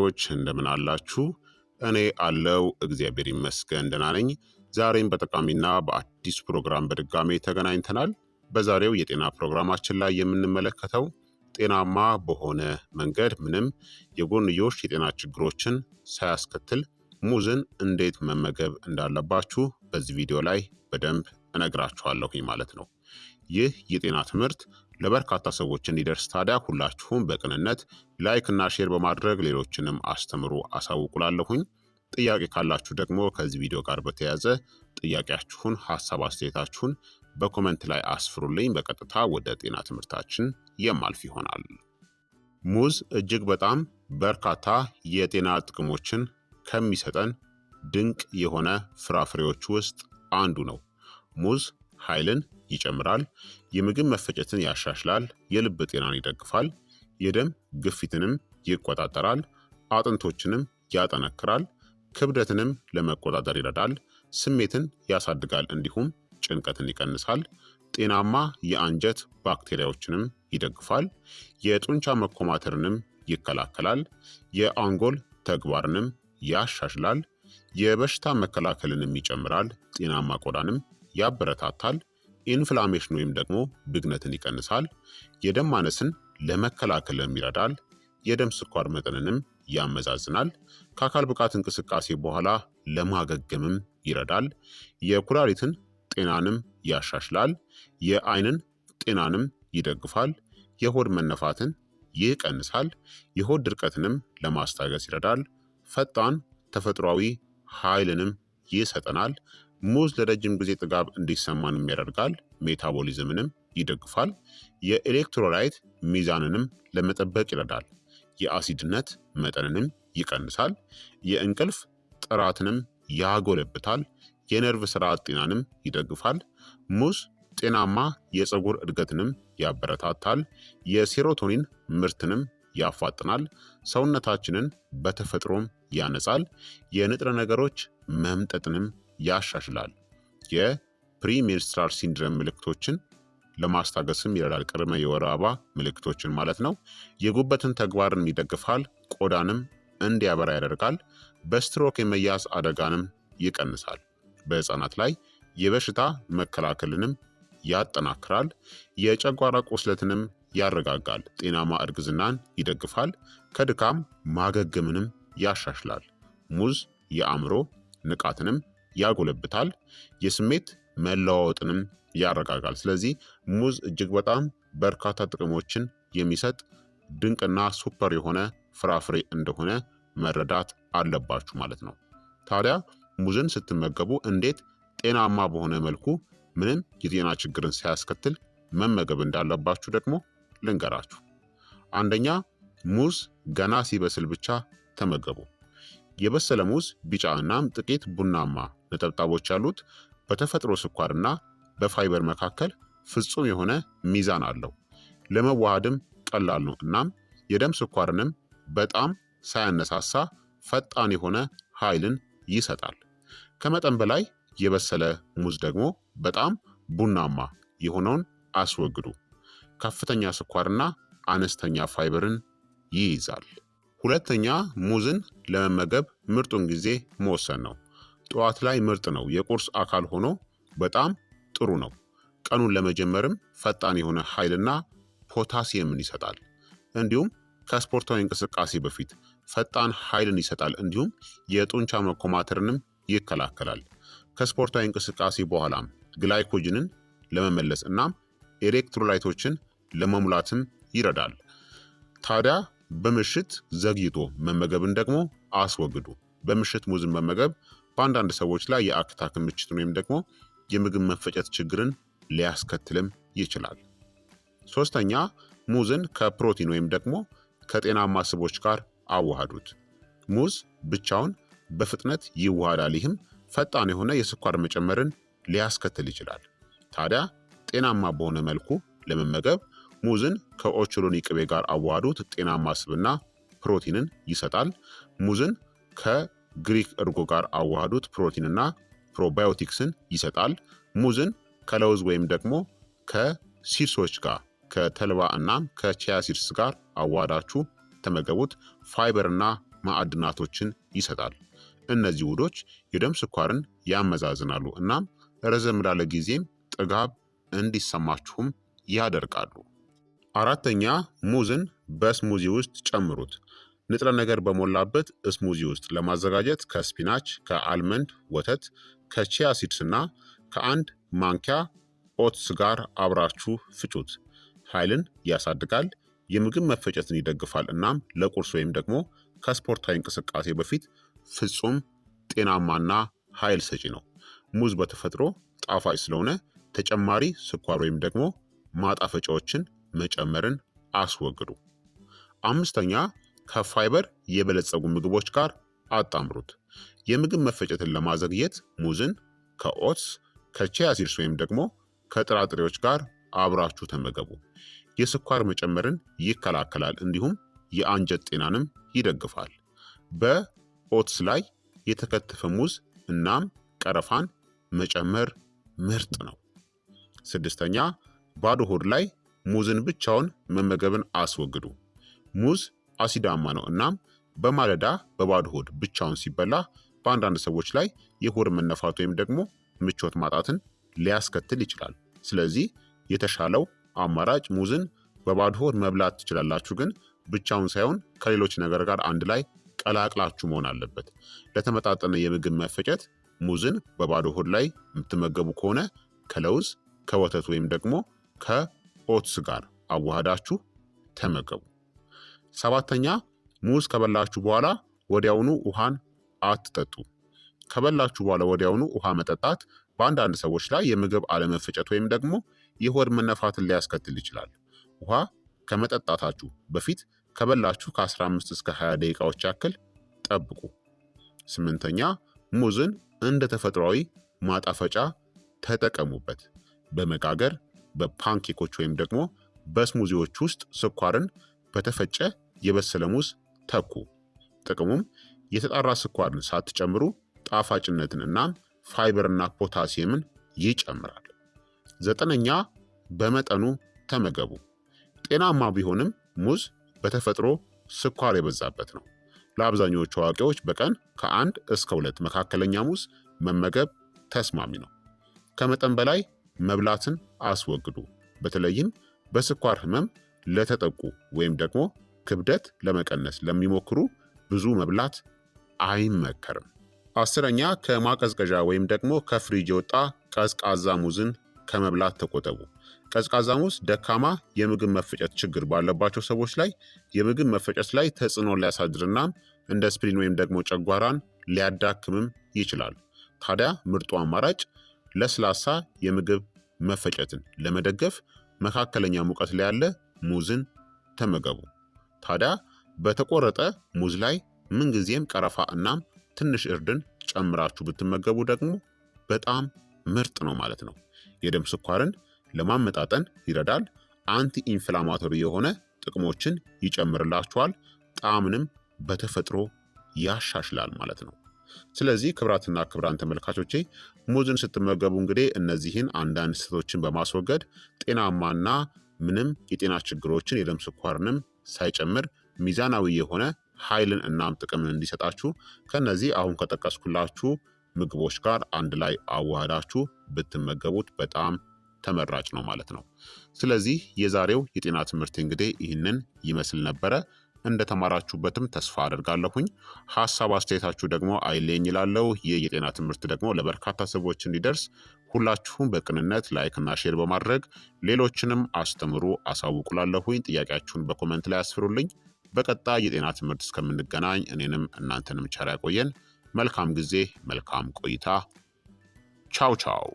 ዎች እንደምን አላችሁ? እኔ አለው እግዚአብሔር ይመስገን ደህና ነኝ። ዛሬም በጠቃሚና በአዲስ ፕሮግራም በድጋሜ ተገናኝተናል። በዛሬው የጤና ፕሮግራማችን ላይ የምንመለከተው ጤናማ በሆነ መንገድ ምንም የጎንዮሽ የጤና ችግሮችን ሳያስከትል ሙዝን እንዴት መመገብ እንዳለባችሁ በዚህ ቪዲዮ ላይ በደንብ እነግራችኋለሁኝ ማለት ነው። ይህ የጤና ትምህርት ለበርካታ ሰዎች እንዲደርስ ታዲያ ሁላችሁም በቅንነት ላይክ እና ሼር በማድረግ ሌሎችንም አስተምሩ አሳውቁላለሁኝ። ጥያቄ ካላችሁ ደግሞ ከዚህ ቪዲዮ ጋር በተያያዘ ጥያቄያችሁን፣ ሀሳብ አስተያየታችሁን በኮመንት ላይ አስፍሩልኝ። በቀጥታ ወደ ጤና ትምህርታችን የማልፍ ይሆናል። ሙዝ እጅግ በጣም በርካታ የጤና ጥቅሞችን ከሚሰጠን ድንቅ የሆነ ፍራፍሬዎች ውስጥ አንዱ ነው። ሙዝ ኃይልን ይጨምራል፣ የምግብ መፈጨትን ያሻሽላል፣ የልብ ጤናን ይደግፋል፣ የደም ግፊትንም ይቆጣጠራል፣ አጥንቶችንም ያጠነክራል፣ ክብደትንም ለመቆጣጠር ይረዳል፣ ስሜትን ያሳድጋል፣ እንዲሁም ጭንቀትን ይቀንሳል። ጤናማ የአንጀት ባክቴሪያዎችንም ይደግፋል፣ የጡንቻ መኮማተርንም ይከላከላል፣ የአንጎል ተግባርንም ያሻሽላል፣ የበሽታ መከላከልንም ይጨምራል፣ ጤናማ ቆዳንም ያበረታታል፣ ኢንፍላሜሽን ወይም ደግሞ ብግነትን ይቀንሳል። የደም ማነስን ለመከላከልም ይረዳል። የደም ስኳር መጠንንም ያመዛዝናል። ከአካል ብቃት እንቅስቃሴ በኋላ ለማገገምም ይረዳል። የኩላሊትን ጤናንም ያሻሽላል። የአይንን ጤናንም ይደግፋል። የሆድ መነፋትን ይቀንሳል። የሆድ ድርቀትንም ለማስታገስ ይረዳል። ፈጣን ተፈጥሯዊ ኃይልንም ይሰጠናል። ሙዝ ለረጅም ጊዜ ጥጋብ እንዲሰማንም ያደርጋል፣ ሜታቦሊዝምንም ይደግፋል። የኤሌክትሮላይት ሚዛንንም ለመጠበቅ ይረዳል። የአሲድነት መጠንንም ይቀንሳል። የእንቅልፍ ጥራትንም ያጎለብታል። የነርቭ ስርዓት ጤናንም ይደግፋል። ሙዝ ጤናማ የፀጉር እድገትንም ያበረታታል። የሴሮቶኒን ምርትንም ያፋጥናል። ሰውነታችንን በተፈጥሮም ያነጻል። የንጥረ ነገሮች መምጠጥንም ያሻሽላል። የፕሪሜንስትራል ሲንድረም ምልክቶችን ለማስታገስም ይረዳል። ቅድመ የወር አበባ ምልክቶችን ማለት ነው። የጉበትን ተግባርን ይደግፋል። ቆዳንም እንዲያበራ ያደርጋል። በስትሮክ የመያዝ አደጋንም ይቀንሳል። በህፃናት ላይ የበሽታ መከላከልንም ያጠናክራል። የጨጓራ ቁስለትንም ያረጋጋል። ጤናማ እርግዝናን ይደግፋል። ከድካም ማገገምንም ያሻሽላል። ሙዝ የአእምሮ ንቃትንም ያጎለብታል። የስሜት መለዋወጥንም ያረጋጋል። ስለዚህ ሙዝ እጅግ በጣም በርካታ ጥቅሞችን የሚሰጥ ድንቅና ሱፐር የሆነ ፍራፍሬ እንደሆነ መረዳት አለባችሁ ማለት ነው። ታዲያ ሙዝን ስትመገቡ እንዴት ጤናማ በሆነ መልኩ ምንም የጤና ችግርን ሳያስከትል መመገብ እንዳለባችሁ ደግሞ ልንገራችሁ። አንደኛ ሙዝ ገና ሲበስል ብቻ ተመገቡ። የበሰለ ሙዝ ቢጫ እናም ጥቂት ቡናማ ነጠብጣቦች ያሉት በተፈጥሮ ስኳርና በፋይበር መካከል ፍጹም የሆነ ሚዛን አለው። ለመዋሃድም ቀላል ነው። እናም የደም ስኳርንም በጣም ሳያነሳሳ ፈጣን የሆነ ኃይልን ይሰጣል። ከመጠን በላይ የበሰለ ሙዝ ደግሞ በጣም ቡናማ የሆነውን አስወግዱ። ከፍተኛ ስኳርና አነስተኛ ፋይበርን ይይዛል። ሁለተኛ ሙዝን ለመመገብ ምርጡን ጊዜ መወሰን ነው። ጠዋት ላይ ምርጥ ነው። የቁርስ አካል ሆኖ በጣም ጥሩ ነው። ቀኑን ለመጀመርም ፈጣን የሆነ ኃይልና ፖታሲየምን ይሰጣል። እንዲሁም ከስፖርታዊ እንቅስቃሴ በፊት ፈጣን ኃይልን ይሰጣል። እንዲሁም የጡንቻ መኮማተርንም ይከላከላል። ከስፖርታዊ እንቅስቃሴ በኋላም ግላይኮጅንን ለመመለስ እናም ኤሌክትሮላይቶችን ለመሙላትም ይረዳል። ታዲያ በምሽት ዘግይቶ መመገብን ደግሞ አስወግዱ። በምሽት ሙዝን መመገብ በአንዳንድ ሰዎች ላይ የአክታ ክምችትን ወይም ደግሞ የምግብ መፈጨት ችግርን ሊያስከትልም ይችላል። ሶስተኛ ሙዝን ከፕሮቲን ወይም ደግሞ ከጤናማ ስቦች ጋር አዋሃዱት። ሙዝ ብቻውን በፍጥነት ይዋሃዳል። ይህም ፈጣን የሆነ የስኳር መጨመርን ሊያስከትል ይችላል። ታዲያ ጤናማ በሆነ መልኩ ለመመገብ ሙዝን ከኦቾሎኒ ቅቤ ጋር አዋሃዱት። ጤናማ ስብና ፕሮቲንን ይሰጣል። ሙዝን ግሪክ እርጎ ጋር አዋህዱት። ፕሮቲንና ፕሮባዮቲክስን ይሰጣል። ሙዝን ከለውዝ ወይም ደግሞ ከሲርሶች ጋር ከተልባ እናም ከቺያ ሲርስ ጋር አዋህዳችሁ ተመገቡት። ፋይበርና ማዕድናቶችን ይሰጣል። እነዚህ ውዶች የደም ስኳርን ያመዛዝናሉ እናም ረዘም ላለ ጊዜም ጥጋብ እንዲሰማችሁም ያደርጋሉ። አራተኛ ሙዝን በስሙዚ ውስጥ ጨምሩት። ንጥረ ነገር በሞላበት እስሙዚ ውስጥ ለማዘጋጀት ከስፒናች፣ ከአልመንድ ወተት፣ ከቺያ ሲድስ እና ከአንድ ማንኪያ ኦትስ ጋር አብራችሁ ፍጩት። ኃይልን ያሳድጋል፣ የምግብ መፈጨትን ይደግፋል። እናም ለቁርስ ወይም ደግሞ ከስፖርታዊ እንቅስቃሴ በፊት ፍጹም ጤናማና ኃይል ሰጪ ነው። ሙዝ በተፈጥሮ ጣፋጭ ስለሆነ ተጨማሪ ስኳር ወይም ደግሞ ማጣፈጫዎችን መጨመርን አስወግዱ። አምስተኛ ከፋይበር የበለጸጉ ምግቦች ጋር አጣምሩት። የምግብ መፈጨትን ለማዘግየት ሙዝን ከኦትስ ከቺያ ሲድስ ወይም ደግሞ ከጥራጥሬዎች ጋር አብራችሁ ተመገቡ። የስኳር መጨመርን ይከላከላል፣ እንዲሁም የአንጀት ጤናንም ይደግፋል። በኦትስ ላይ የተከተፈ ሙዝ እናም ቀረፋን መጨመር ምርጥ ነው። ስድስተኛ ባዶ ሆድ ላይ ሙዝን ብቻውን መመገብን አስወግዱ። ሙዝ አሲዳማ ነው። እናም በማለዳ በባዶ ሆድ ብቻውን ሲበላ በአንዳንድ ሰዎች ላይ የሆድ መነፋት ወይም ደግሞ ምቾት ማጣትን ሊያስከትል ይችላል። ስለዚህ የተሻለው አማራጭ ሙዝን በባዶ ሆድ መብላት ትችላላችሁ፣ ግን ብቻውን ሳይሆን ከሌሎች ነገር ጋር አንድ ላይ ቀላቅላችሁ መሆን አለበት። ለተመጣጠነ የምግብ መፈጨት ሙዝን በባዶ ሆድ ላይ የምትመገቡ ከሆነ ከለውዝ፣ ከወተት ወይም ደግሞ ከኦትስ ጋር አዋህዳችሁ ተመገቡ። ሰባተኛ ሙዝ ከበላችሁ በኋላ ወዲያውኑ ውሃን አትጠጡ። ከበላችሁ በኋላ ወዲያውኑ ውሃ መጠጣት በአንዳንድ ሰዎች ላይ የምግብ አለመፈጨት ወይም ደግሞ የሆድ መነፋትን ሊያስከትል ይችላል። ውሃ ከመጠጣታችሁ በፊት ከበላችሁ ከ15 እስከ 20 ደቂቃዎች ያክል ጠብቁ። ስምንተኛ ሙዝን እንደ ተፈጥሯዊ ማጣፈጫ ተጠቀሙበት። በመጋገር በፓንኬኮች ወይም ደግሞ በስሙዚዎች ውስጥ ስኳርን በተፈጨ የበሰለ ሙዝ ተኩ። ጥቅሙም የተጣራ ስኳርን ሳትጨምሩ ጣፋጭነትን እናም ፋይበርና ፖታሲየምን ይጨምራል። ዘጠነኛ በመጠኑ ተመገቡ። ጤናማ ቢሆንም ሙዝ በተፈጥሮ ስኳር የበዛበት ነው። ለአብዛኞቹ አዋቂዎች በቀን ከአንድ እስከ ሁለት መካከለኛ ሙዝ መመገብ ተስማሚ ነው። ከመጠን በላይ መብላትን አስወግዱ። በተለይም በስኳር ህመም ለተጠቁ ወይም ደግሞ ክብደት ለመቀነስ ለሚሞክሩ ብዙ መብላት አይመከርም። አስረኛ ከማቀዝቀዣ ወይም ደግሞ ከፍሪጅ የወጣ ቀዝቃዛ ሙዝን ከመብላት ተቆጠቡ። ቀዝቃዛ ሙዝ ደካማ የምግብ መፈጨት ችግር ባለባቸው ሰዎች ላይ የምግብ መፈጨት ላይ ተጽዕኖ ሊያሳድርና እንደ ስፕሪን ወይም ደግሞ ጨጓራን ሊያዳክምም ይችላል። ታዲያ ምርጡ አማራጭ ለስላሳ የምግብ መፈጨትን ለመደገፍ መካከለኛ ሙቀት ላይ ያለ ሙዝን ተመገቡ። ታዲያ በተቆረጠ ሙዝ ላይ ምንጊዜም ቀረፋ እናም ትንሽ እርድን ጨምራችሁ ብትመገቡ ደግሞ በጣም ምርጥ ነው ማለት ነው። የደም ስኳርን ለማመጣጠን ይረዳል። አንቲ ኢንፍላማቶሪ የሆነ ጥቅሞችን ይጨምርላችኋል። ጣዕምንም በተፈጥሮ ያሻሽላል ማለት ነው። ስለዚህ ክብራትና ክብራን ተመልካቾቼ ሙዝን ስትመገቡ እንግዲህ እነዚህን አንዳንድ ስህተቶችን በማስወገድ ጤናማና ምንም የጤና ችግሮችን የደም ስኳርንም ሳይጨምር ሚዛናዊ የሆነ ኃይልን እናም ጥቅምን እንዲሰጣችሁ ከነዚህ አሁን ከጠቀስኩላችሁ ምግቦች ጋር አንድ ላይ አዋህዳችሁ ብትመገቡት በጣም ተመራጭ ነው ማለት ነው። ስለዚህ የዛሬው የጤና ትምህርት እንግዲህ ይህንን ይመስል ነበረ። እንደተማራችሁበትም ተስፋ አደርጋለሁኝ። ሀሳብ አስተያየታችሁ ደግሞ አይለኝ ይላለው። ይህ የጤና ትምህርት ደግሞ ለበርካታ ሰዎች እንዲደርስ ሁላችሁም በቅንነት ላይክ እና ሼር በማድረግ ሌሎችንም አስተምሩ። አሳውቁላለሁኝ። ጥያቄያችሁን በኮመንት ላይ አስፍሩልኝ። በቀጣይ የጤና ትምህርት እስከምንገናኝ እኔንም እናንተንም ቸር ያቆየን። መልካም ጊዜ፣ መልካም ቆይታ። ቻው ቻው